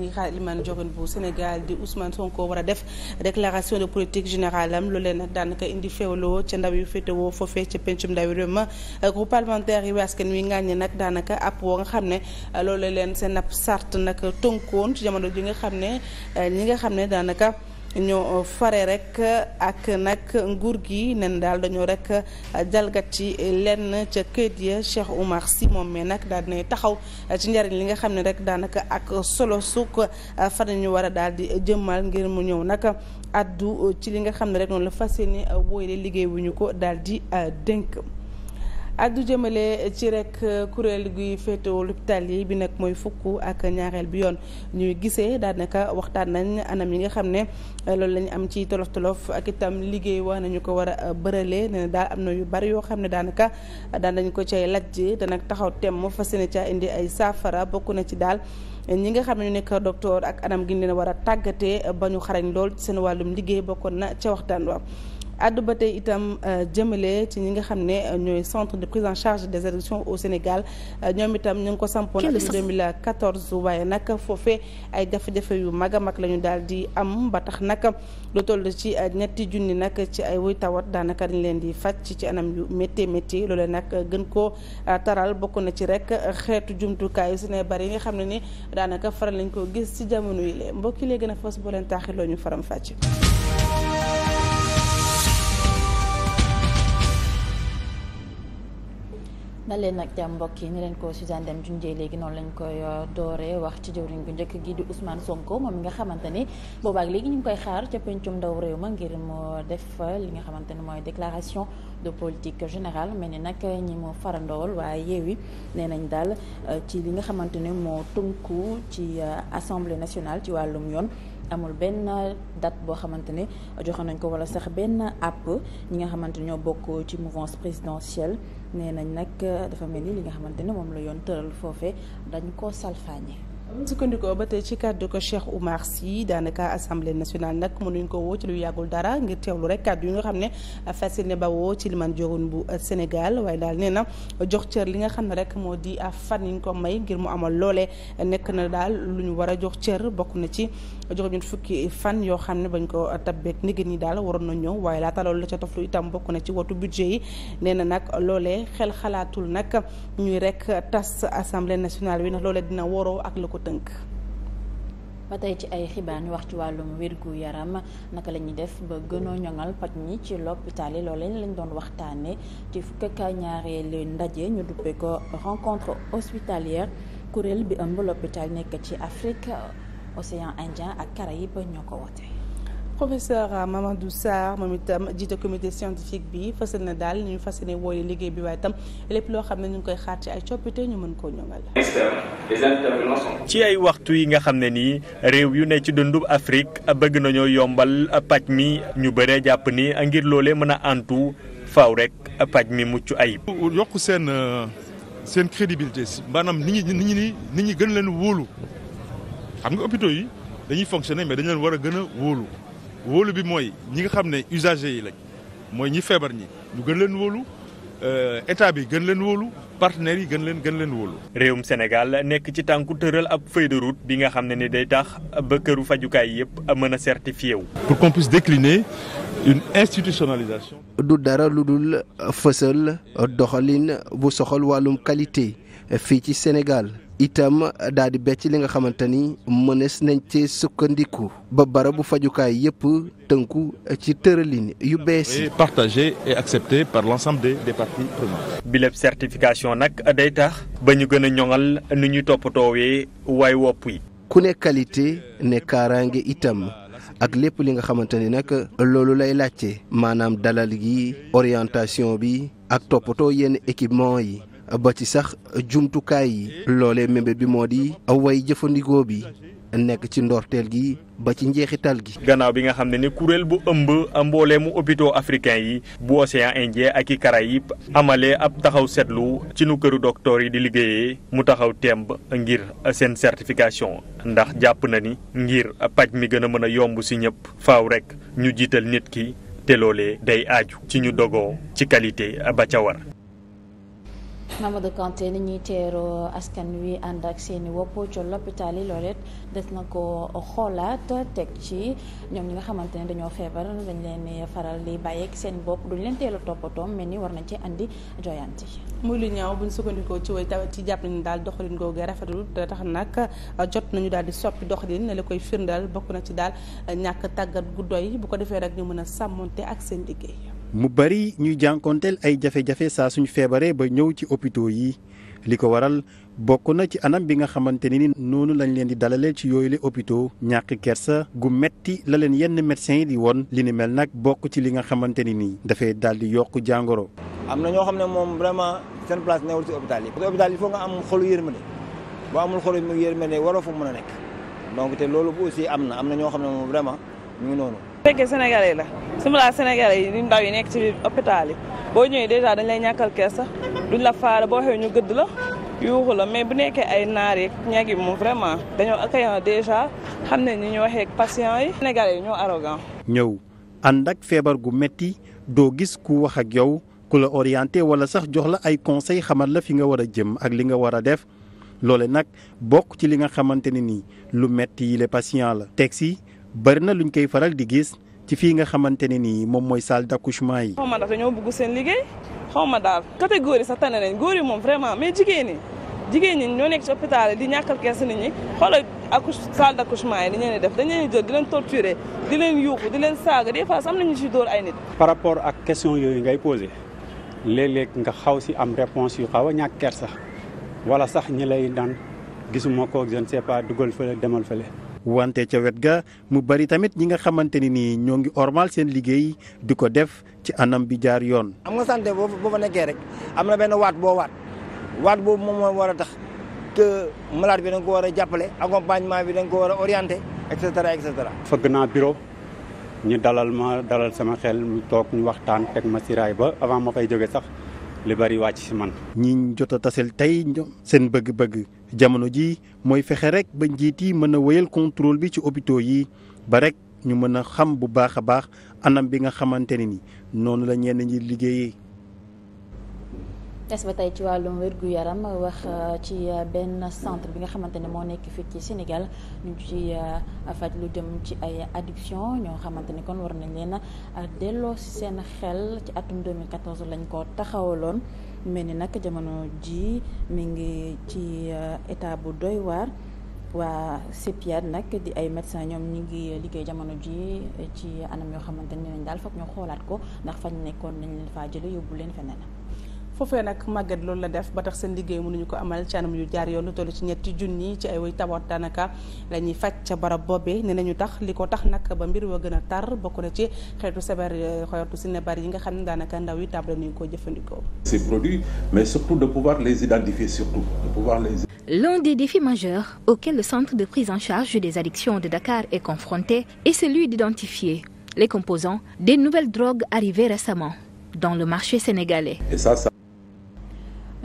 ngi xaar Elimane Diorène bu Sénégal di Ousmane Sonko war a def déclaration de politique générale am loolee nag daanaka indi féewaloo ca ndaw yu féetewoo foofee ca pencum ndaw réew ma groupe parlementaire yi askan wi ngaañ nag daanaka ab woo nga xam ne lool leen seen ab sart nag tënkoon ci jamono ji nga xam ne ñi nga xam ne daanaka ñoo fare rek ak nag nguur gi nen daal dañoo rek jalgati lenn ca kayit ya Cheikh Oumar si moom mais nag daal dinay taxaw ci njariñ li nga xam ne rek daanaka ak solo suuk fan la ñu war a daal di jëmmal ngir mu ñëw nag addu ci li nga xam ne rek noonu la fas yéene wooyee liggéey wu ñu ko daal di euh, dénk. addu jëmale ci rek euh, kuréel guy féetewoo l'hôpital yi bi nag mooy fukk ak ñaareel bi yoon ñuy gisee daanaka waxtaan nañ anam yi nga xam ne euh, loolu lañu am ci tolof tolof ak itam liggéey wax nañu ko war a euh, bërële ne daal am na yu bari yoo xam ne daanaka daanañ nañ ko cay lajj te taxaw tem mu fas yéene caa indi ay saafara bokk na ci daal ñi nga xam ne ñu nekk docteur ak anam gi leen war a tàggatee ba ñu xarañ lool seen wàllum liggéey bokkoon na ca waxtaan wa addu ba tey itam euh, jëmale ci ñi nga xam ne euh, ñooy centre de prise en charge de addictions au Sénégal euh, ñoom itam ñu ngi ko sampoon depuis 2014 waaye nag foofee ay jafe-jafe yu mag a mag la ñu daal di am ba tax nag lu toll ci ñetti junni nag ci ay wuy tawat daanaka dañ leen di faj ci anam yu métti métti loole nag gën ko taral bokk na ci rek xeetu jumtukaay yu sene bari yi nga xam ne ni daanaka faral lañ ko gis ci jamono yi lee mbokki lee gën a fës boo leen taaxi loo ñu faram fàcc dal leen nag jàmm mbokk yi ni leen ko Suzanne Deme junjee léegi noonu lañ koy euh, dooree wax ci jëwriñ bu njëkk gi di Ousmane Sonko moom mi nga xamante ni boobaak léegi ñu ngi koy xaar ca pencum ndaw réew ma ngir mu def euh, li nga xamante ni mooy déclaration de politique générale mel ni nag ñi mu farandool waaye yeewi nee nañ daal euh, ci li nga xamante ni moo tunk ci assemblée nationale ci wàllum yoon amul benn date boo xamante ne joxe nañ ko wala sax benn àpp ñi nga xamante ñoo bokk ci mouvance présidentielle nee nañ nag dafa mel ni li nga xamante ne moom la yoon tëral foofe dañ ko salfaañe sukkandikoo ba tey ci kàddu ko Cheikh Oumar Sy daanaka assemblée nationale nak mënuñ ko woo ci lu yàggul dara ngir teew teewlu rek kàddu yu nga xam ne facile ne bawoo ci liman jorun bu Sénégal waaye daal nee na jox cër li nga xam ne rek moo di fan yi ñu may ngir mu amal loolee nekk na daal lu ñu war a jox cër bokk na ci jox ñun fukki fan yoo xam ne bañ ko tabbeek nigéen ñi daal waroon na ñëw waaye laata loolu la ca toflu itam bokk na ci wotu budget yi nee na nag loolee xel xalaatul nag ñuy rek tas assemblée nationale bi ndax loolee dina woroo tënk ba tey ci ay xibaar ñu wax ci wàllum wérgu yaram naka la ñuy def ba gënoo ñoŋal paj ñi ci l'hôpital yi lañ doon waxtaanee ci fukk ak ñaareelu ndaje ñu duppee ko rencontre hospitalière kuréel bi ëmb l'hôpital nekk ci Afrique Océan Indien ak Caraïbes ñoo ko woote. professeur euh, Mamadou Sarr moom itam jiite comité scientifique bi fas na daal ñu fas yéene wooye liggéey bi waaye itam lépp loo xam ne ñu koy xaar ci ay coppite ñu mën koo ci ay waxtu yi nga xam ne nii réew yu ne ci dundub Afrique bëgg nañoo yombal paj mi ñu bëree jàpp ni ngir loolee mën a antu faaw rek paj mi mucc ayib. yokk seen euh, seen crédibilité maanaam nit ñi nit ñi nit ñi gën leen wóolu xam nga hôpitaux yi dañuy fonctionner mais dañu leen war a gën a wóolu. wóolu bi mooy ñi nga xam ne usagers yi lañ mooy ñi feebar ñi ñu gën leen wóolu euh, état bi gën leen wóolu partenaires yi gën leen gën leen wóolu. réewum Sénégal nekk ci tànku tëral ab feuille bi nga xam ne ni day tax ba këru fajukaay yëpp mën a certifié wu. pour qu'on puisse décliner une institutionnalisation. du dara lu dul fësal doxalin bu soxal wàllum qualité fii ci Sénégal. itam daal di becc li nga xamante ni mënees nañ ci sukkandiku ba barabu fajukaay yëpp tënku ci tëralin yu bees yi. partagé et accepté par l'ensemble des des parties prenantes. bileb certification nag day tax ba ñu gën a ñoŋal nu ñuy toppatoo toppatoowee waay wopp yi. ku ne qualité ne kaaraange itam. ak lépp li nga xamante ni nag loolu lay laajte maanaam dalal gi orientation bi ak toppatoo yenn équipement yi ba ci sax jumtukaay yi loole mébét bi moo di away jëfandikoo bi nekk ci ndorteel gi ba ci njeexital gi. gannaaw bi nga xam ne ni kuréel bu ëmb mbooleemu hôpitaux africain yi bu océan Indien ak i Caraïbes amalee ab taxaw seetlu ci nu këru docteur yi di liggéeyee mu taxaw temb ngir seen certification ndax jàpp na ni ngir paj mi gën a mën a yomb si ñëpp faw rek ñu jiital nit ki te loole day aaju ci ñu dogoo ci qualité ba ca war. de Kanté ni ñuy teeroo askan wi ànd ak seen i wopp ci l'hôpital yi loolet des na ko xoolaat teg ci ñoom ñi nga xamante ne dañoo feebar dañ leen faral di bàyyeeg seen bopp duñ leen teel a toppatoo mel ni war nañ ci andi joyante muy lu ñaaw buñ sukkandikoo ci way taw ci jàpp nañu daal doxalin googu rafetul te tax nag jot nañu daal di soppi doxalin ne la koy firndal bokk na ci daal ñàkk tàggat gu doy bu ko defee rek ñu mën a sàmmonte ak seen liggéey mu bari ñuy jànkonteel ay jafe-jafe saa suñu feebaree ba ñëw ci hôpitaux yi li ko waral bokk na ci anam bi nga xamante ni noonu lañ leen di dalaleel ci yooyu le hôpitaux ñàkk kersa gu metti la leen yenn médecins yi di woon li ni mel nag bokk ci li nga xamante ni nii dafay daal di yokk jàngoro. am na ñoo xam ne moom vraiment seen place newul ci hôpital yi. parce que hôpital il nga am xolu yërmande boo amul xolu yërmande waroo fa mën a nekk donc te loolu aussi am na am na ñoo xam ne moom vraiment noonu. fekkee sénégalais la simila sénégalais yi ni ndaw yi nekk ci hôpital yi boo ñëwee dèjà dañ lay ñàkkal kersa duñ la faara boo xew ñu gëdd la yuuxu la mais bu nekkee ay naar yeeg ñeeg yi moom vraiment dañoo accueillant dèjà xam ne ñu ñu waxee ak patient yi sénégalais yi ñoo arrogant ñëw ànd ak feebar gu metti doo gis ku wax ak yow ku la orienté wala sax jox la ay conseil xamal la fi nga war a jëm ak li nga war a def loole nag bokk ci li nga xamante ne nii lu metti yi les la teg si bëri na luñ koy faral di gis ci fii nga xamante ne nii moom mooy salle d'accouchement yi. xaw ma ndax dañoo bëgg seen liggéey xaw ma daal catégorie sax tane nañ góor yi moom vraiment mais jigéen ñi jigéen ñi ñoo nekk ci hôpital di ñàkkal kees nit ñi xoolal accouche salle d'accouchement yi ni ñu def dañu leen jël di leen torturer di leen yuuxu di leen saaga des fois am ñu si dóor ay nit. par rapport ak question yooyu ngay posé léeg-léeg nga xaw si am réponse yu xaw a ñàkk kersa wala sax ñi lay daan gisuma ko je ne sais dugal fële demal fële. wante ca wet ga mu bari tamit ñi nga xamante ni nii ñoo ngi ormal seen liggéey di ko def ci anam bi jaar yoon. am nga santé boo boo fa nekkee rek am na benn waat boo waat waat boobu moom moo war a tax malaat bi da ko war a jàppale accompagnement bi da ko war a orienté et cetera et cetera. fëgg naa bureau ñu dalal ma dalal sama xel mu toog ñu waxtaan teg ma ba avant ma fay jóge sax li bari wàcc si man. ñi jot a tasel tey seen bëgg-bëgg. jamono ji mooy fexe rek ba njiit yi mën a wéyal contrôle bi ci hôpitaux yi ba rek ñu mën a xam bu baax a baax anam bi nga xamante ne ni noonu la ñenn ñi liggéeyee. des ba tey ci wàllum wér-gu-yaram wax euh, ci euh, benn centre bi nga xamante ne moo nekk fit ci Sénégal ñu ci euh, faj lu jëm ci ay addiction ñoo xamante ni kon war nañ leen a delloo si seen xel ci atum 2014 lañ ko taxawaloon. mel ni nag jamono ji mi ngi ci eh, état bu doy waar waa CEPIAD nag di ay médecins ñoom ñi ngi liggéey jamono ji ci anam yoo xamante ne daal foog ñu xoolaat ko ndax fañ nekkoon nañ leen faa jële yóbbu leen feneen. foofee nag màggat loolu la def ba tax seen liggéey mënuñu ko amal ci anam yu jaar yoon lu toll ci ñetti junni ci ay woy tabaat daanaka la ñuy faj ca barab boobee ne nañu tax li ko tax nag ba mbir wa gën a tar bokk na ci xeetu sabar xeetu sinébar yi nga xam ne daanaka ndaw yi table nañu ko jëfandikoo. ces produits mais surtout de pouvoir les identifier surtout de pouvoir les. L'un des défis majeurs auxquels le centre de prise en charge des addictions de Dakar est confronté est celui d'identifier les composants des nouvelles drogues arrivées récemment dans le marché sénégalais. Et ça, ça...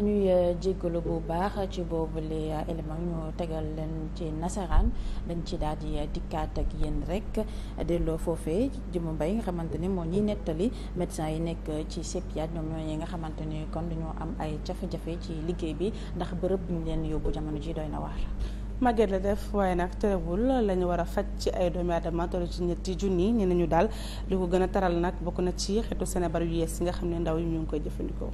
ñuy euh, jéggalu bu baax ci boobu les euh, éléments ñu tegal leen ci nasaraan dañ ci daal di euh, dikkaat ak yéen rek delloo foofee jëmu bay nga xamante ni moo ñuy nettali médecin yi nekk ci CEPIAD ñoom ñooñu nga xamante ni kon dañoo am ay jafe-jafe ci liggéey bi ndax bërëb bi ñu leen yóbbu jamono ji doy na waar. màgget la def waaye nag terewul la ñu war a faj ci ay doomi aadama toll ci ñetti junni ñu ne ñu daal li ko gën a taral nag bokk na ci xeetu Sénégal yu yees nga xam ne ndaw yi ñu ngi koy jëfandikoo.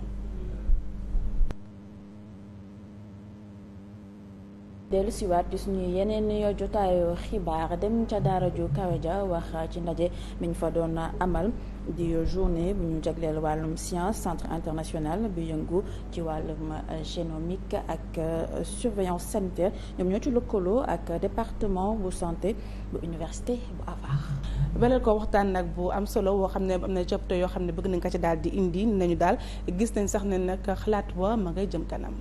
dellu siwaat ci suñu yeneen yoo jotaayu xibaar dem ca daara ju kawe ja wax ci ndaje miñ fa doon amal di journée bu ñu jagleel wàllum science centre international bu yëngu ci wàllum génomique ak surveillance sanitaire ñoom ñoo ci lëkkaloo ak département bu santé bu université bu Havard. balal ko waxtaan nag bu am solo woo xam ne am na coppite yoo xam ne bëgg nañ ko ci daal di indi nañu daal gis nañ sax ne nag xalaat wa ma ngay jëm kanam.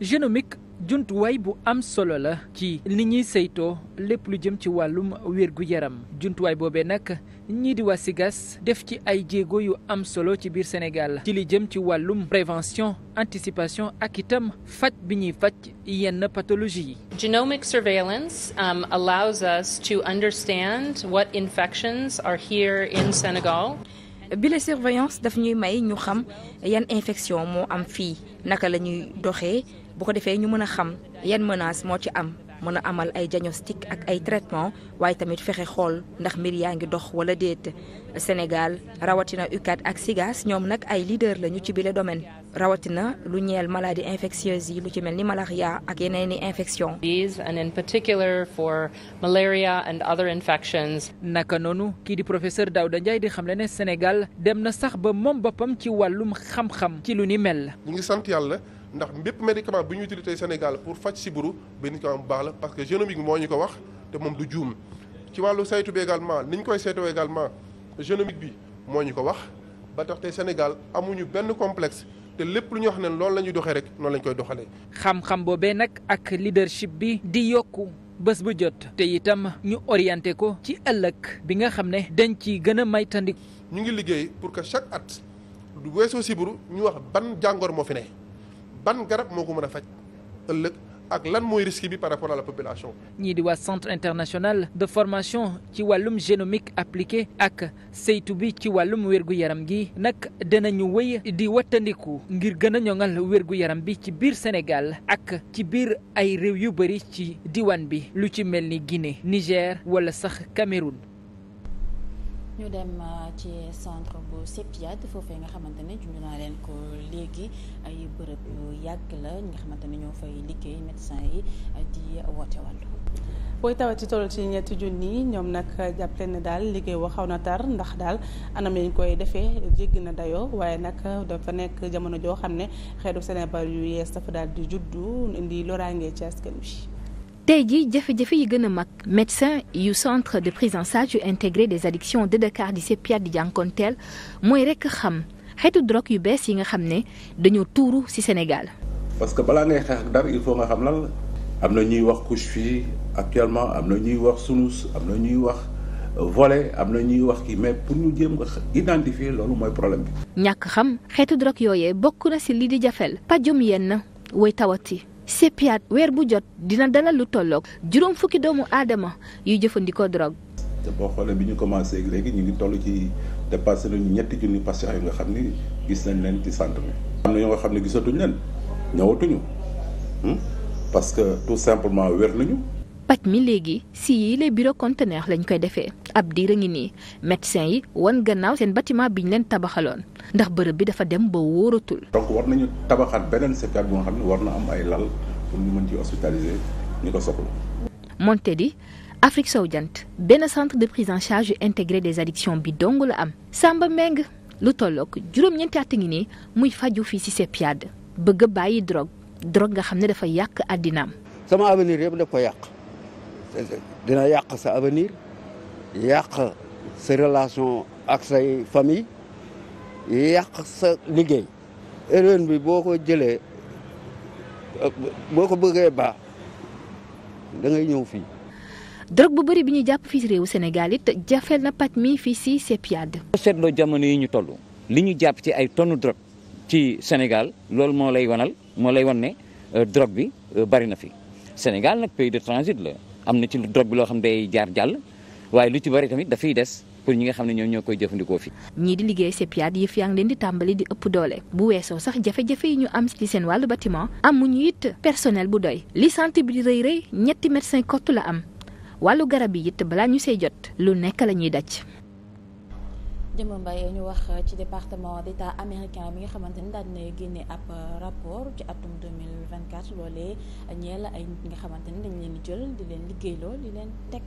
génomique. jumtuwaay bu am solo la ci ni ñuy saytoo lépp lu jëm ci wàllum wérgu yaram jumtuwaay boobee nag ñii di waa SIGAS def ci ay jéego yu am solo ci biir Sénégal ci li jëm ci wàllum prévention anticipation ak itam faj bi ñuy faj yenn pathologie yi. Genomic surveillance um, allows us to understand what infections are here in Senegal. bi la surveillance daf ñuy may ñu xam yan infection moo am fii naka la ñuy doxee. bu ko defee ñu mën a xam yan menace moo ci am mën a amal ay diagnostic ak ay traitement waaye tamit fexe xool ndax mbir yaa ngi dox wala déet Sénégal rawatina UCAD ak SIGAS ñoom nag ay leader lañu ci bile domaine rawatina lu ñeel maladie infectieuse yi lu ci mel ni malaria ak yeneen i infection and in particular for malaria and other infections naka noonu kii di professeur Daouda Ndiaye di xamle ne Sénégal dem na sax ba moom boppam ci wàllum xam-xam ci lu ni mel ñu ngi sant yàlla ndax mbépp médicament bi ñu utilité Sénégal pour faj sibbiru médicament bu baax la parce que génomique moo ñu ko wax te moom du juum ci wàllu saytu bi également ni koy saytoo également génomique bi moo ñu ko wax ba tax tey Sénégal amuñu benn complexe te lépp lu ñu wax ne loolu la ñuy doxee rek noonu la ñu koy doxalee. xam-xam boobee nag ak leadership bi di yokku. bés bu jot te itam ñu orienté ko ci ëllëg bi nga xam ne dañ ci gën a may ñu ngi liggéey pour que chaque at du weesoo sibiru ñu wax ban jàngoor moo fi ne ban garab moo ko mën a faj ëllëg ak lan mooy risque bi par rapport à la population. ñii di waa centre international de formation ci wàllum génomique appliquée ak saytu bi ci wàllum wérgu yaram gi nag dinañu wéy di wattandiku ngir gën a ñoŋal wérgu yaram bi ci biir Sénégal ak ci biir ay réew yu bëri ci diwaan bi lu ci mel ni Guinée Niger wala sax Cameroun. ñu dem euh, ci centre bu foofu yi nga xamante ne junj naa leen ko léegi ay bërëb yu yàgg la ñi nga xamante ne ñoo fay liggéey médecin yi euh, di woote wàllu. booy tawat ci toll ci ñetti junni ñoom nag jàpp leen daal liggéey woo xaw na tar ndax daal anam yi koy defee jéggi na dayoo waaye nag dafa nekk jamono joo xam ne xeetu Sénégal yu yees dafa daal di juddu indi loraange ci askan wi. tey jii jafe-jafe yi gën a mag médecin yu centre de prise en charge yu intégré des addictions de Dakar di CEPIAD di jànkonteel mooy rekk xam xeetu drogue yu bees yi nga xam ne dañoo tuuru ci Sénégal. parce que balaa ngay xeex dara il faut nga xam lan la. am na ñuy wax couche fii actuellement am na ñuy wax sunus am na ñuy wax euh, volet am na ñuy wax kii mais pour ñu jéem nga identifier loolu mooy problème bi. ñàkk xam xeetu drogue yooyee bokk na ci lii di jafel pajum yenn way tawati. CEPIAT weer bu jot dina dalal lu tolloog juróom fukki doomu aadama yuy jëfandikoo drogue. te boo xoolee bi ñu commencé léegi ñu ngi toll ci dépassé nañu ñetti junni patients yi nga xam ni gis nañ leen ci centre bi. am na ñoo nga xam ne gisatuñ leen ñëwatuñu hmm? parce que tout simplement wér nañu. paj mi léegi si yi les bureau conteneur lañ koy defee. ab diir a ngi nii médecin yi wan gannaaw seen bâtiment bi ñu leen tabaxaloon ndax bërëb bi dafa dem ba wóoratul. donc war nañu tabaxaat beneen CPAT bu nga xam ne ay lal pour ñu mën ci hospitaliser ñu ko soxla. moonte di Afrique sow jant benn centre de prise en charge intégré des addictions bi dong la am. sàmba Meng lu tollook juróom-ñeenti at ngi nii muy faju fii ci CPAD bëgg bàyyi drogue drogue nga xam ne dafa yàq àddinaam. sama ko yàq avenir. yàq sa relation ak say famille yàq sa liggéey erreur bi boo ko jëlee boo ko bëggee baax dangay ñëw fii. drogue bu bari bi ñu jàpp fii si réewu Sénégal it jafeel na paj mi fii si CEPIAD. boo seetloo jamono yi ñu toll li ñu jàpp ci ay tonnes drogue ci Sénégal loolu moo lay wanal moo lay wan ne euh, drogue bi euh, bari na fi Sénégal nag pays de transit la am na ci drogue bi loo xam ne day jaar jàll. waaye lu ci bari tamit dafay des pour ñi nga xam ne ñoom ñoo koy jëfandikoo fi ñii di liggéey CEPIAT yëf yaa ngi leen di tàmbali di ëpp doole bu weesoo sax jafe-jafe yi ñu am ci seen wàllu bâtiment amuñu it personnel bu doy li santé bi di rëy rëy ñetti médecin kott la am wàllu garab yi it balaa ñu see jot lu nekk la ñuy daj Demba Mbaye ñu wax ci département d'état américain bi nga xamante ni daal dina génne ab rapport ci atum 2024 loolee ñeel ay nit nga xamante ni dañ leen jël di leen liggéeyloo di leen teg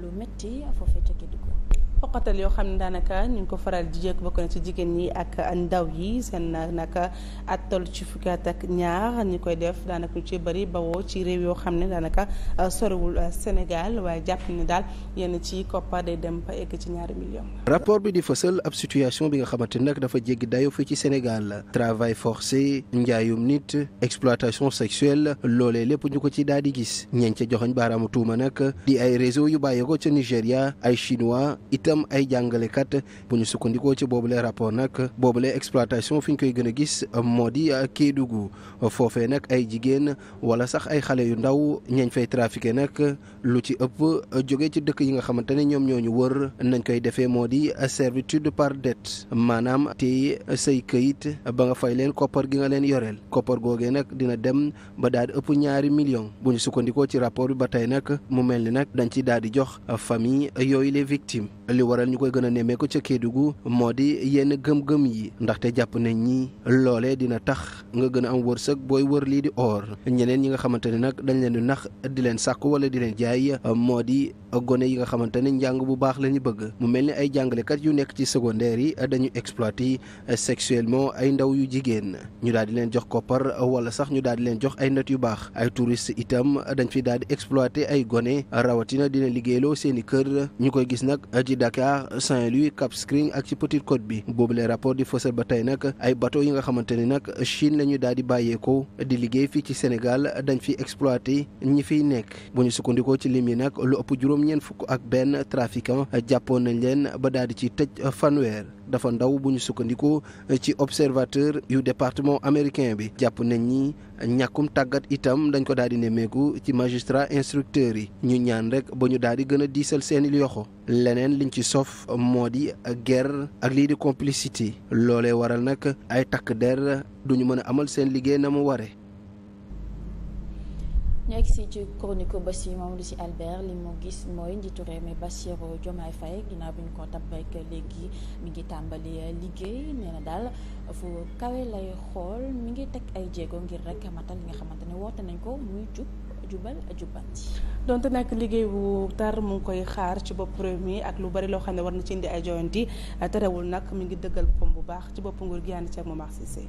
lu métti foofee ca Kédougou xoqatal yoo xam ne daanaka ñu ngi ko faral di jëkk bokk na ci jigéen ñi ak ndaw yi seen naka at toll ci fukki at ak ñaar ñi koy def daanaka ñu ci bëri bawoo ci réew yoo xam ne daanaka euh, sorewul euh, Sénégal waaye jàpp ni daal yenn ci coppa day dem ba egg ci ñaari millions. rapport bi di fësal ab situation bi nga xamante nag dafa jéggi dayo fii ci Sénégal travail forcé njaayum nit exploitation sexuelle loole lépp ñu ko ci daal di gis ñeent ca joxoñ baaraamu tuuma nag di ay réseau yu bàyyeekoo ca ay chinois. itam ay jàngalekat bu ñu sukkandikoo ci boobule rapport nag boobule exploitation fi ñu koy gën a gis moo di Kédougou foofe nag ay jigéen wala sax ay xale yu ndaw ñeeñ fay trafiqué nag lu ci ëpp jóge ci dëkk yi nga xamante ne ñoom ñoo ñu wër nañ koy defee moo di servitude par dette maanaam tey say këyit ba nga fay leen koppar gi nga leen yoreel koppar googee nag dina dem ba daal ëpp ñaari million bu ñu sukkandikoo ci rapport bi ba tey nag mu mel ni nag dañ ci daal di jox famille yooyu les victimes li waral ñu koy gën a nemmeeku ca Kédougou moo di yenn gëm-gëm yi ndaxte jàpp nañ ñi loole dina tax nga gën a am wërsëg booy wër lii di or ñeneen ñi nga xamante ne nag dañu leen di nax di leen sàkku wala di leen jaay moo di gone yi nga xamante ne njàng bu baax la ñu bëgg mu mel ni ay jàngalekat yu nekk ci secondaire yi dañu exploiter sexuellement ay ndaw yu jigéen ñu daal di leen jox koppar wala sax ñu daal di leen jox ay nat yu baax ay touriste itam dañ fi daal di exploiter ay gone rawatina dina liggéeyloo seen i kër ñu koy gis nag ci Dakar Saint-Louis Cap Skirring ak ci Petite Côte bi boobu leen rapport di fësal ba tey nag ay bateau yi nga xamante ne nag Chine la ñu daal di bàyyeekoo di liggéey fii ci Sénégal dañ fi juróom fukk ak benn trafiquant jàppoon nañ leen ba daal di ci tëj fanweer dafa ndaw bu ñu sukkandiku ci observateur yu département américain bi jàpp nañ ñi ñàkkum tàggat itam dañ ko daal di nemmeeku ci magistrat instructeurs yi ñu ñaan rek ba ñu daal di gën a diisal seeni yoxo leneen liñ ci sof moo di guerre ak lii di complicité loolee waral nag ay takk der duñu mën a amal seen liggéey na mu ware nekk si ci chronique ba si Mamadou Sy Albert li mu gis mooy njiitu réew mi Bassirou Diomaye fay ginnaaw bi ñu ko tabb rek léegi mi ngi tàmbali liggéey nee na daal fu kawe lay xool mu ngi teg ay jéego ngir rek matal li nga xamante ne woote nañ ko muy jub jubal jubanti donte nag liggéey bu tar mu ngi koy xaar ci bopp réew mi ak lu bari loo xam ne war na ci indi ay joyanti terewul nag mu ngi dëggal boppam bu baax ci bopp nguur gi ànd ci ak Momar Cissé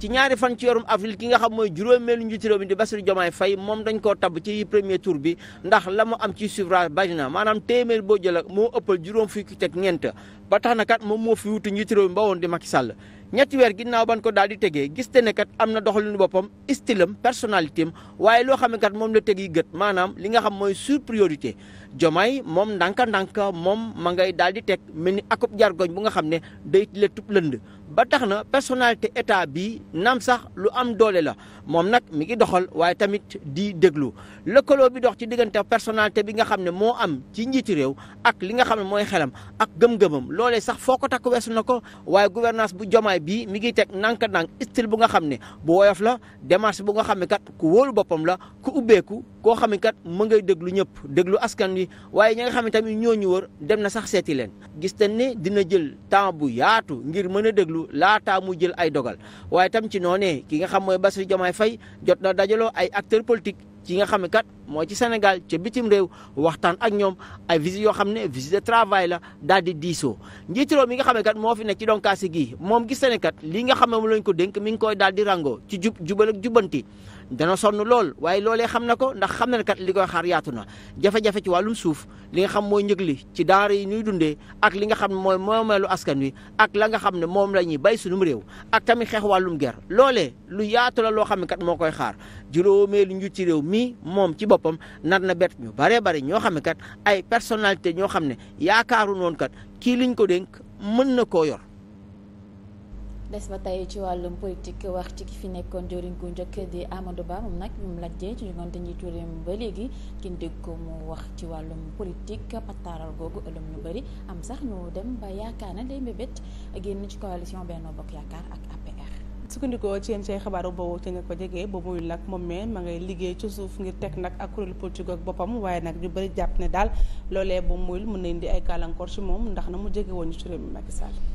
ci ñaari fan ci yorum avril ki nga xam mooy juróomeelu njiitu réew mi di Bassirou Diomaye Faye moom dañ koo tab ci premier tour bi ndax la mu am ci suffrage bari na maanaam téeméer boo jël moo ëppal juróom fukki teg ñeent ba tax na kat moom moo fi wutu njiitu réew mi ba woon di Macky Sall ñetti weer ginnaaw ban ko daal di tegee gis te ne am na doxalinu boppam stylam personnalité am waaye loo xam ne kat moom la teg yi gët maanaam li nga xam mooy sur priorité Jomaay moom ndànk-ndànk moom ma ngay daal di teg mel ni akub jargoñ bu nga xam ne day le tub lënd ba tax na personnalité état bi naam sax lu am doole la moom nag mi ngi doxal waaye tamit di déglu lëkkaloo bi dox ci diggante personnalité bi nga xam ne moo am ci njiiti réew ak li nga xam ne mooy xelam ak gëm-gëmam loole sax foo ko takk weesu na ko waaye gouvernance bu Jomaay bii mi ngi teg ndànk-ndànk style bu nga xam ne bu woyof la démarche bu nga xam ne kat ku wóolu boppam la ku ubbeeku koo xam ne mu ngay déglu ñëpp déglu askan waaye ñi nga xam ne tamit ñoo ñu wër dem na sax seeti leen gis nañ ne dina jël temps bu yaatu ngir mën a déglu laataa mu jël ay dogal waaye tam ci noonee ki nga xam mooy Bassirou Diomaye fay jot na dajaloo ay acteurs politiques ci nga xam ne kat moo ci Sénégal ca bitim réew waxtaan ak ñoom ay visite yoo xam ne visite de travail la daal di diisoo njiitu réew mi nga xam ne kat moo fi nekk ci donkaasi gii moom gis na ne kat nga xam ne mu lañ ko dénk mi ngi koy daal di rangoo ci jub jubal ak jubanti dana sonn lool waaye loolee xam na ko ndax xam na kat li koy xaar yaatu na jafe-jafe ci wàllum suuf li nga xam mooy njëg li ci daara yi ñuy dundee ak li nga xam ne mooy moomeelu askan wi ak la nga xam ne moom la ñuy bay sunum réew ak tamit xeex wàllum ger loolee lu yaatu la loo xam ne kat moo koy xaar juróomeelu njiit ci réew mi moom ci boppam nar na bett ñu baree bari ñoo xam ne kat ay personnalité ñoo xam ne yaakaaru noonu kat kii liñ ko dénk mën na koo yor des ba tey ci wàllum politique wax ci ki fi nekkoon joriñ ko njëkk di Amadou Ba moom nag ñu lajjee ci ñoom dañuy turé ba léegi kin dégg ko mu wax ci wàllum politique pataaral googu ëllëm lu bëri am sax ñu dem ba yaakaar na day mbébét génn ci coalition Benno Bokk Yaakaar ak APR. sukkandikoo ci yenn say xabaaru boobu ci nga ko jegee ba moom mais ma ngay liggéey ci suuf ngir teg nag ak kuréelu politique ak boppam waaye nag ñu bëri jàpp ne daal loolee ba muyul mën na indi ay moom ndax na mu jege woon ci réew mi Macky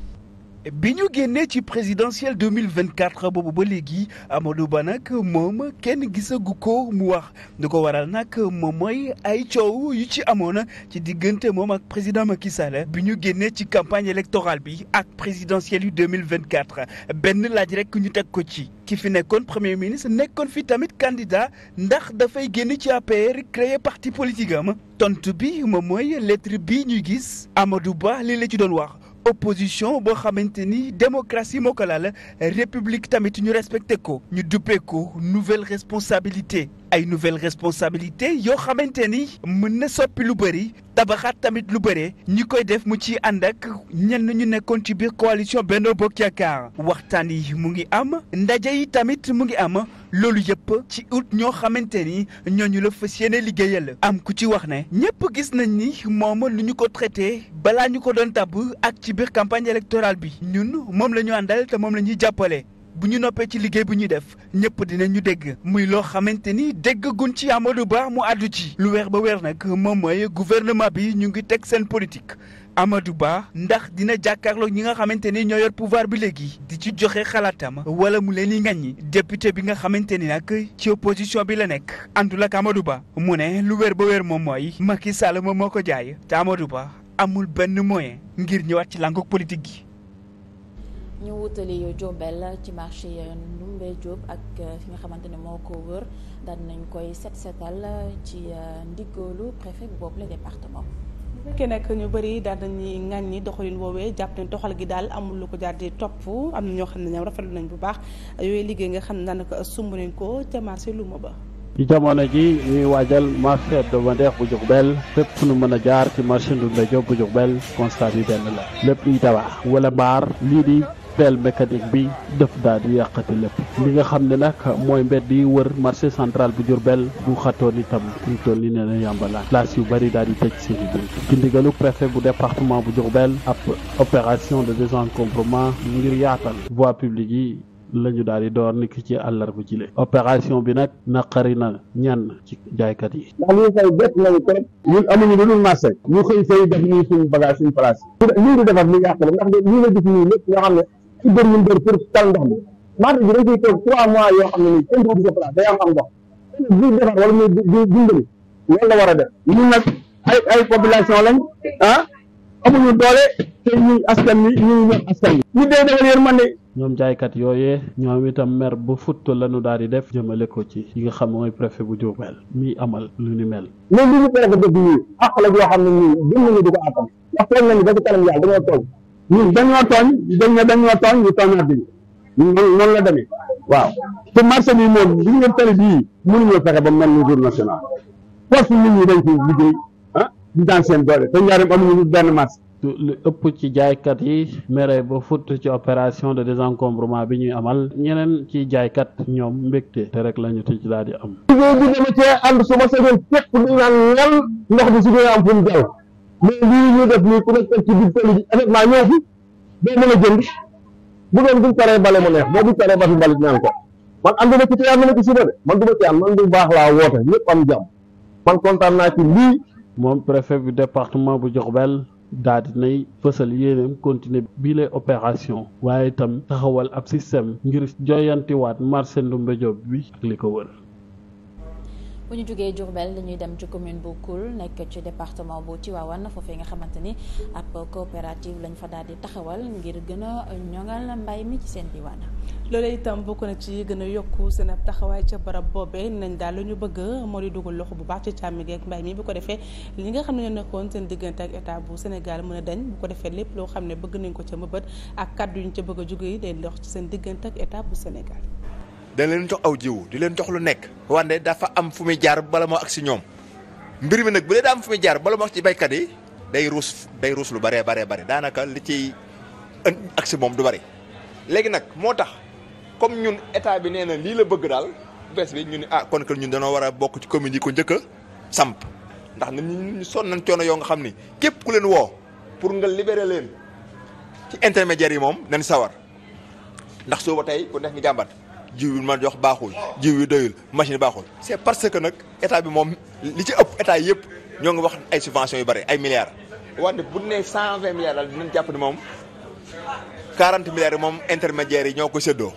bi ñu génnee ci présidentielle 2024 boobu ba léegi Amadou Ba nag moom kenn gisagu ko mu wax lu ko waral nag moom mooy ay coow yu ci amoon ci diggante moom ak président Macky Sall bi ñu génnee ci campagne électorale bi ak présidentielle yu 2024 benn laaj rek ñu teg ko ci ki fi nekkoon premier ministre nekkoon fi tamit candidat ndax dafay génn ci APR créer parti politique am tontu bi moom mooy lettre bi ñuy gis Amadou Ba lii la ci doon wax. opposition boo xamante ni démocratie moo république tamit ñu respecte ko ñu duppee ko nouvelle responsabilité ay nouvelles responsabilités yoo xamante ni mën na soppi lu bëri tabaxaat tamit lu bëre ñi koy def mu ci ànd ak ñenn ñu nekkoon ci biir coalition Benno Bokk Yaakaar waxtaan yi mu ngi am ndaje yi tamit mu ngi am loolu yëpp ci ut ñoo xamante ni ñoo ñu la fas yéene liggéeyal am ku ci wax ne ñëpp gis nañ ni moom lu ñu ko traité balaa ñu ko doon tabb ak ci biir campagne électorale bi ñun moom la ñu àndal te moom la ñuy jàppale bu ñu noppee ci liggéey bu ñuy def ñëpp ñu dégg muy loo xamante ni dégg gun ci Amadou Ba mu àddu ci lu weer ba weer nag moom mooy gouvernement bi ñu ngi teg seen politique Amadou Ba ndax dina jàkkaarloo ñi nga xamante ni ñoo yor bi léegi di ci joxe xalaatam wala mu leen di ŋaññi député bi nga xamante ni nag ci opposition bi la nekk àndul ak Amadou Ba mu ne lu weer ba weer moom mooy Macky Sall moom moo ko jaay te Amadou Ba amul benn moyen ngir ñëwaat ci làngu politique gi. ñu wutali Diourbel ci marché Ndoumbé Diop ak euh, fi nga xamante ne moo ko wër daal nañ koy set setal euh, ci euh, ndiggoolu préfet boobu la département bu fekkee nag ñu bëri daal nañuy ŋàññi ñi doxalin woowee jàpp ne gi daal amul ko jaar di topp am ñoo xam ne ñoom rafetlu nañ bu baax liggéey nga xam ne daanaka sumb nañ ko ca marché Luma ba. jamono ji ñuy waajal marché hebdomadaire bu Diourbel fépp fu ñu mën a jaar ci marché Ndoumbé Diop bu lépp luy tabax wala baar lii di. pelle mécanique bi def daal di yàqati lépp li nga xam ne nag mooy mbedd yi wër marché central bu Diourbel bu xatoon itam ñu toll ni nee yu bëri daal di tëj seeni bunt ci ndigalu préfet bu département bu Diourbel ab opération de désencombrement ngir yaatal voie publique yi la ñu daal di door niki ci àllarba ji le opération bi nag naqari na ñenn ci jaaykat yi. ndax li ñu fay bett nañu dul marché yi. nga xam ne ci bër ñun bër pour tal bi marché bi dañ koy toog trois mois yoo xam ne nii kenn du sa place day am am ndox bu defar wala muy dimbali loolu la war a def ñun nag ay population lañ ah amuñu doole te ñuy askan wi ñoom jaaykat yooyee ñoom itam mer bu futt lañu daal di def jëmale ko ci yi nga xam mooy préfet bu Diourbel mi amal lu ni mel mais li ñu préfet def nii àq la joo xam ne nii gën ko àttam ndax foog na ni ba ci kanam yàlla dañoo ñun dañoo tooñ dañ ne dañoo tooñ ñu tooñaat bi noonu la demee waaw te marché bi moom bi nga tali bii mënuñoo fexe ba mel ni jour national poste nit ñi dañ ci liggéey ah di daan seen doole te ñu benn marché lu ëpp ci jaaykat yi mere ba futt ci opération de désencombrement bi ñuy amal ñeneen ci jaaykat ñoom mbégte te rek la ñu tëj daal di am liggéey bi dama cee ànd suba sañoon fépp di naan lal ndox bi su dee am fu mu mais lii ñu def nii ku nekk ci biir tool yi effectivement ñëw fi day mën a jënd bu doon buñ paree bale mu neex boo buñ paree ba fi mbalit naan ko man anduma ci teyaan na ma ci suba de man ma teyaan man du baax laa woote ñëpp am jàmm man kontaan naa ci lii moom préfet bu département bu Diourbel daal di nay fësal yéeneem continuer bii lay opération waaye itam taxawal ab système ngir joyantiwaat marché Ndoumbé Diop bi ak li ko wër bu ñu jógee Diourbel dañuy dem ci commune bu Koul nekk ci département bu Tivaouane foofee nga xamante ni ab coopérative lañ fa daal di taxawal ngir gën a ñoŋal mbay mi ci seen diwaan. loolu itam bokk na ci gën a yokku seen ab taxawaay ca barab boobee nañ daal lu ñu bëgg moo di dugal loxo bu baax ci càmm gi mbay mi bu ko defee li nga xam ne ñoo nekkoon seen diggante ak état bu Sénégal mën a dañ bu ko defee lépp loo xam ne bëgg nañ ko ca mëbët ak kàddu yu ñu ca bëgg a jóge yi day dox ci seen diggante ak état bu Sénégal. dañ leen jox aw jiwu di leen jox lu nekk wante dafa am fu muy jaar bala moo ak si ñoom mbir mi nag bu dee daa am fu muy jaar bala moo ak ci baykat yi day ruus day ruus lu baree baree bare daanaka li ci ak si moom du bari léegi nag moo tax comme ñun état bi nee na lii la bëgg daal bees bi ñu ne ah kon que ñun danoo war a bokk ci commune yi ku njëkk a samp ndax na ñi sonn nañ coono yoo nga xam ni képp ku leen woo pour nga libérer leen ci intermédiaire yi moom nañ sawar ndax soo tey ku nekk nga jàmbat jiw ma jox baaxul jiw bi doyul machine baaxul c'est parce que nag état bi moom li ci ëpp état yëpp ñoo ngi wax ay subvention yu bëri ay milliards wante bu nee cent vingt milliards daal dinañ jàpp ni moom quarante milliards yi moom intermédiaires yi ñoo ko séddoo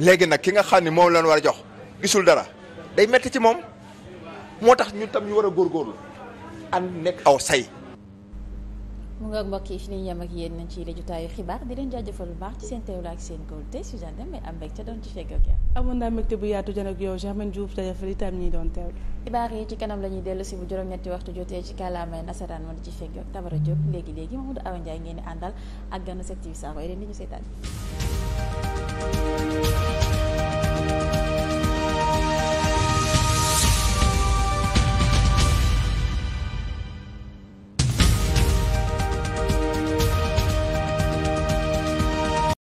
léegi nag ki nga xam ni moom lañ war a jox gisul dara day metti ci moom moo tax ñun tam ñu war a góorgóorlu ànd nekk aw say mu nga mbokk yi fi ñu yem ak yéen nañ ci jotaayu xibaar di leen jaajëfal bu baax ci seen teewlu ak seen kóolute Suzanne Deme am mbégte doon ci fegg ak yow. amoon naa mbégte bu yaatu jan ak ñi doon teewlu. xibaar yi ci kanam la ñuy dellu si bu juróom-ñetti waxtu jotee ci kàllaamay nasaraan mën ci fegg ak Tabara Diop léegi léegi Mamadou Awa Ndiaye ngeen di ak ganu 7TV Savoye leen di ñu seetaan